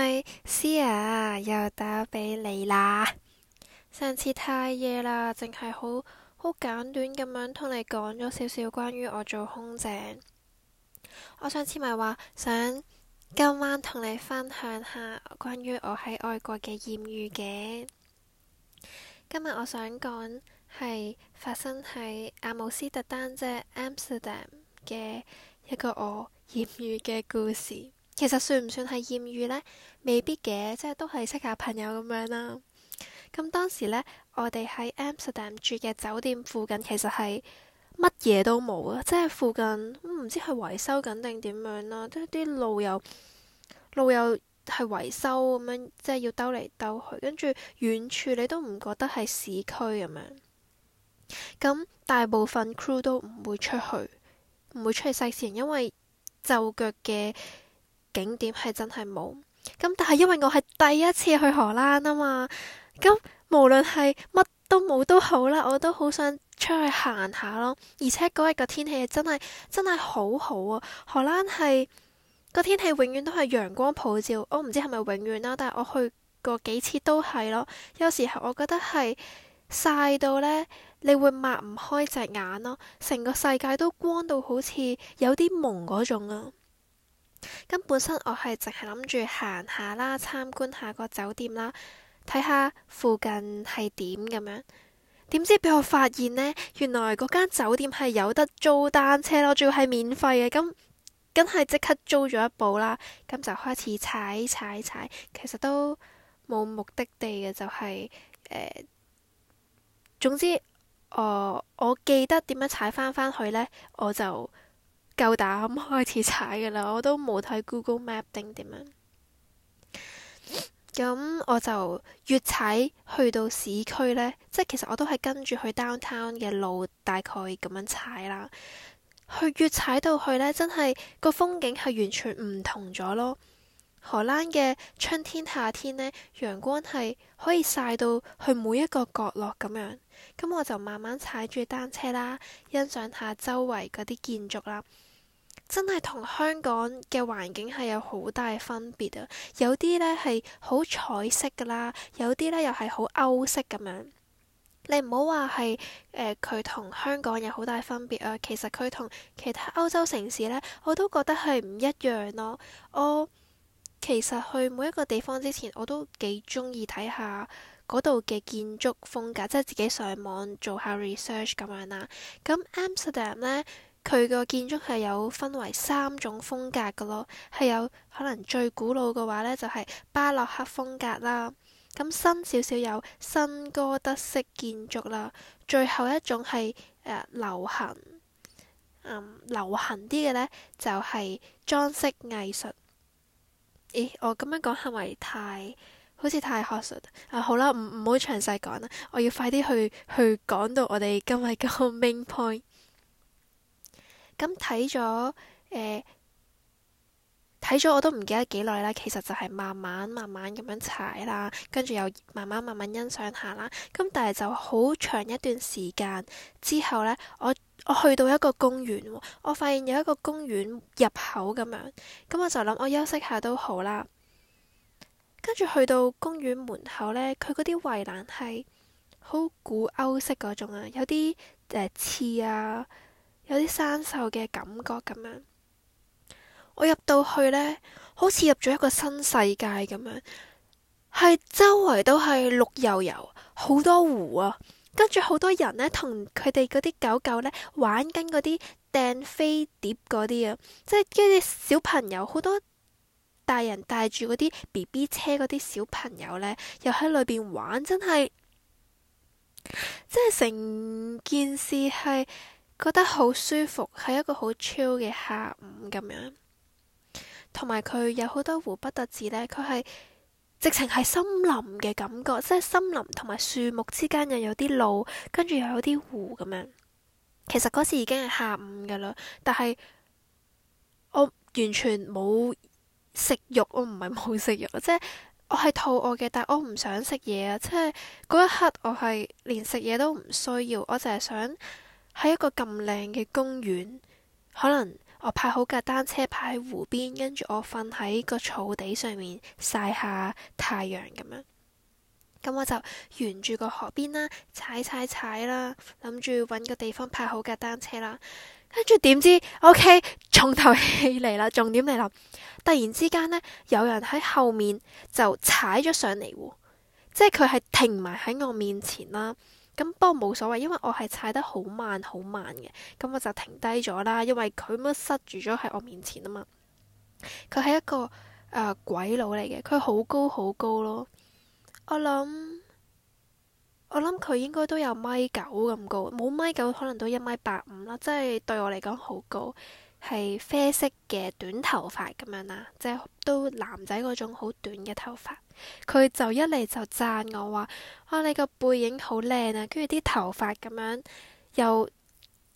係 Siya，又打俾你啦。上次太夜啦，淨係好好簡短咁樣同你講咗少少關於我做空姐。我上次咪話想今晚同你分享下關於我喺外國嘅艷遇嘅。今日我想講係發生喺阿姆斯特丹啫，Amsterdam 嘅一個我艷遇嘅故事。其實算唔算係艷遇呢？未必嘅，即係都係識下朋友咁樣啦。咁當時呢，我哋喺 Amsterdam 住嘅酒店附近其實係乜嘢都冇啊，即係附近唔、嗯、知係維修緊定點樣啦。啲啲路又路又係維修咁樣，即係要兜嚟兜去。跟住遠處你都唔覺得係市區咁樣。咁大部分 crew 都唔會出去，唔會出去世事，因為就腳嘅。景點係真係冇，咁但係因為我係第一次去荷蘭啊嘛，咁無論係乜都冇都好啦，我都好想出去行下咯。而且嗰日嘅天氣係真係真係好好啊！荷蘭係個天氣永遠都係陽光普照，我唔知係咪永遠啦，但係我去過幾次都係咯。有時候我覺得係晒到咧，你會擘唔開隻眼咯，成個世界都光到好似有啲朦嗰種啊。咁本身我係淨係諗住行下啦，參觀下個酒店啦，睇下附近係點咁樣。點知俾我發現呢，原來嗰間酒店係有得租單車咯，仲要係免費嘅。咁，梗係即刻租咗一部啦。咁就開始踩踩踩，其實都冇目的地嘅，就係、是、誒、呃，總之我、呃、我記得點樣踩翻翻去呢，我就。夠膽開始踩噶啦！我都冇睇 Google Map 點樣，咁我就越踩去到市區呢，即係其實我都係跟住去 downtown 嘅路，大概咁樣踩啦。去越踩到去呢，真係個風景係完全唔同咗咯。荷蘭嘅春天、夏天呢，陽光係可以曬到去每一個角落咁樣。咁我就慢慢踩住單車啦，欣賞下周圍嗰啲建築啦。真係同香港嘅環境係有好大分別啊！有啲咧係好彩色噶啦，有啲咧又係好歐式咁樣。你唔好話係誒佢同香港有好大分別啊，其實佢同其他歐洲城市咧，我都覺得係唔一樣咯。我其實去每一個地方之前，我都幾中意睇下嗰度嘅建築風格，即係自己上網做下 research 咁樣啦。咁 Amsterdam 咧。佢個建築係有分為三種風格㗎囉，係有可能最古老嘅話呢，就係、是、巴洛克風格啦。咁新少少有新歌德式建築啦，最後一種係誒、呃、流行，嗯、流行啲嘅呢，就係裝飾藝術。咦？我咁樣講係咪太好似太學術啊？好啦，唔唔好詳細講啦，我要快啲去去講到我哋今日個 main point。咁睇咗，誒睇咗我都唔記得幾耐啦。其實就係慢慢慢慢咁樣踩啦，跟住又慢慢慢慢欣賞下啦。咁但係就好長一段時間之後呢，我我去到一個公園，我發現有一個公園入口咁樣，咁我就諗我休息下都好啦。跟住去到公園門口呢，佢嗰啲圍欄係好古歐式嗰種啊，有啲誒、呃、刺啊～有啲生銹嘅感覺咁樣，我入到去呢，好似入咗一個新世界咁樣，係周圍都係綠油油，好多湖啊，跟住好多人呢，同佢哋嗰啲狗狗呢，玩緊嗰啲掟飛碟嗰啲啊，即係跟住小朋友好多大人帶住嗰啲 BB 車嗰啲小朋友呢，又喺裏邊玩，真係，即係成件事係。覺得好舒服，係一個好 chill 嘅下午咁樣，同埋佢有好多湖不特字，呢佢係直情係森林嘅感覺，即係森林同埋樹木之間又有啲路，跟住又有啲湖咁樣。其實嗰次已經係下午噶啦，但係我完全冇食肉，我唔係冇食肉，即係我係肚餓嘅，但係我唔想食嘢啊，即係嗰一刻我係連食嘢都唔需要，我就係想。喺一個咁靚嘅公園，可能我派好架單車派喺湖邊，跟住我瞓喺個草地上面曬下太陽咁樣。咁我就沿住個河邊啦，踩踩踩啦，諗住搵個地方派好架單車啦。跟住點知？OK，重頭戲嚟啦，重點嚟啦！突然之間呢，有人喺後面就踩咗上嚟喎，即係佢係停埋喺我面前啦。咁不過冇所謂，因為我係踩得好慢好慢嘅，咁我就停低咗啦。因為佢乜塞住咗喺我面前啊嘛，佢係一個誒、呃、鬼佬嚟嘅，佢好高好高咯。我諗我諗佢應該都有米九咁高，冇米九，可能都一米八五啦，即係對我嚟講好高。係啡色嘅短頭髮咁樣啦，即係都男仔嗰種好短嘅頭髮。佢就一嚟就讚我話，哇、哦，你個背影好靚啊！跟住啲頭髮咁樣又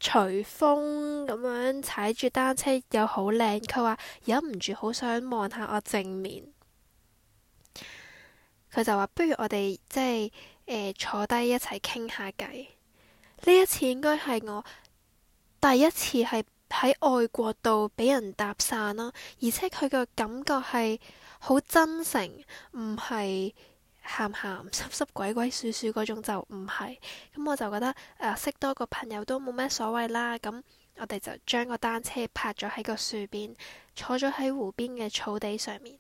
隨風咁樣踩住單車又好靚。佢話忍唔住好想望下我正面。佢就話：不如我哋即係、呃、坐低一齊傾下偈。呢一次應該係我第一次係喺外國度俾人搭訕啦，而且佢嘅感覺係好真誠，唔係鹹鹹濕濕鬼鬼祟祟嗰種就唔係。咁我就覺得誒、啊、識多個朋友都冇咩所謂啦。咁我哋就將個單車泊咗喺個樹邊，坐咗喺湖邊嘅草地上面。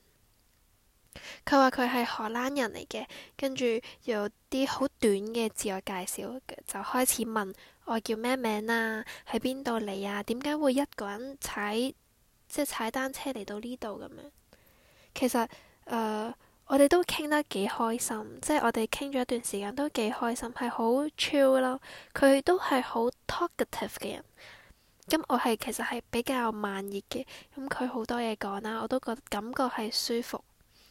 佢話佢係荷蘭人嚟嘅，跟住有啲好短嘅自我介紹，就開始問我叫咩名啊？喺邊度嚟啊？點解會一個人踩即係、就是、踩單車嚟到呢度咁樣？其實誒、呃，我哋都傾得幾開心，即、就、係、是、我哋傾咗一段時間都幾開心，係好 chill 咯。佢都係好 talkative 嘅人。咁我係其實係比較慢熱嘅，咁佢好多嘢講啦，我都覺感覺係舒服，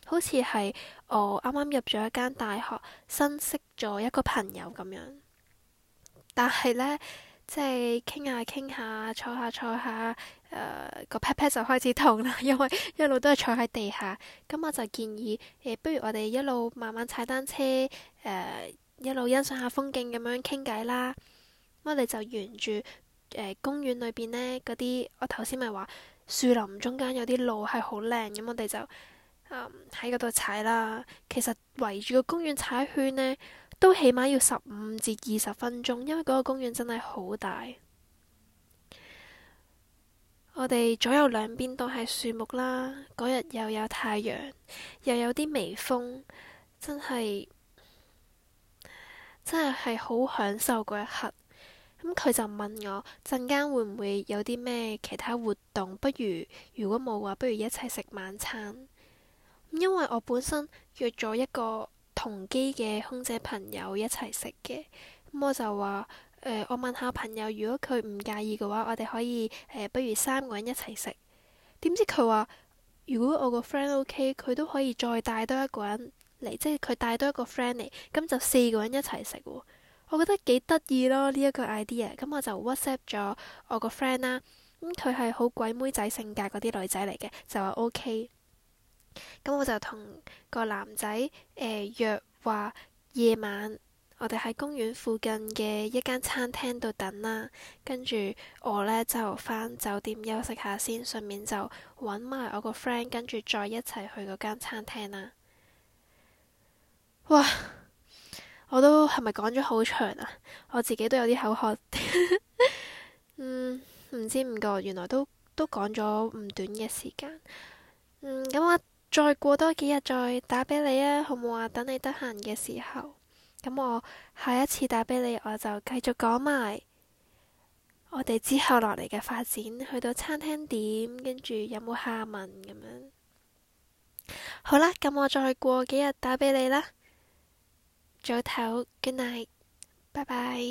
好似係我啱啱入咗一間大學，新識咗一個朋友咁樣。但係呢，即係傾下傾下，坐下坐下，誒個 pat pat 就開始痛啦，因為一路都係坐喺地下。咁我就建議，誒、呃，不如我哋一路慢慢踩單車，誒、呃、一路欣賞下風景咁樣傾偈啦。咁我哋就沿住誒、呃、公園裏邊呢嗰啲，我頭先咪話樹林中間有啲路係好靚，咁我哋就喺嗰度踩啦。其實圍住個公園踩一圈呢。都起碼要十五至二十分鐘，因為嗰個公園真係好大。我哋左右兩邊都係樹木啦，嗰日又有太陽，又有啲微風，真係真係係好享受嗰一刻。咁、嗯、佢就問我陣間會唔會有啲咩其他活動，不如如果冇嘅話，不如一齊食晚餐。因為我本身約咗一個同機嘅空姐朋友一齊食嘅，咁我就話誒、呃，我問下朋友，如果佢唔介意嘅話，我哋可以誒、呃，不如三個人一齊食。點知佢話，如果我個 friend OK，佢都可以再帶多一個人嚟，即係佢帶多一個 friend 嚟，咁就四個人一齊食喎。我覺得幾得意咯呢一個 idea，咁我就 WhatsApp 咗我個 friend 啦。咁佢係好鬼妹仔性格嗰啲女仔嚟嘅，就話 OK。咁我就同個男仔誒、呃、約話夜晚，我哋喺公園附近嘅一間餐廳度等啦。跟住我呢，就返酒店休息下先，順便就搵埋我個 friend，跟住再一齊去嗰間餐廳啦。哇！我都係咪講咗好長啊？我自己都有啲口渴。 嗯，唔知唔覺，原來都都講咗唔短嘅時間。嗯，咁我。再過多幾日再打畀你啊，好唔好啊？等你得閒嘅時候，咁我下一次打畀你，我就繼續講埋我哋之後落嚟嘅發展，去到餐廳點，跟住有冇下文咁樣。好啦，咁我再過幾日打畀你啦。早唞，Good night，拜拜。